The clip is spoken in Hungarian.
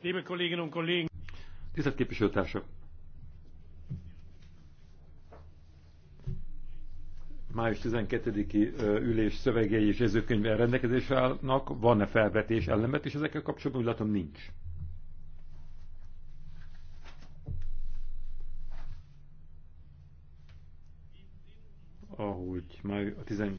Liebe Kolleginnen und Kollegen! Tisztelt képviselőtársak! Május 12-i ülés szövegei és jegyzőkönyvvel rendelkezésre állnak. Van-e felvetés, ellenvetés ezekkel kapcsolatban? Úgy látom, nincs. Ahogy május a 12